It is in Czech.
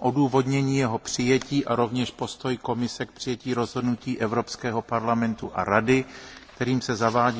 odůvodnění jeho přijetí a rovněž postoj komise k přijetí rozhodnutí evropského parlamentu a rady kterým se zavádí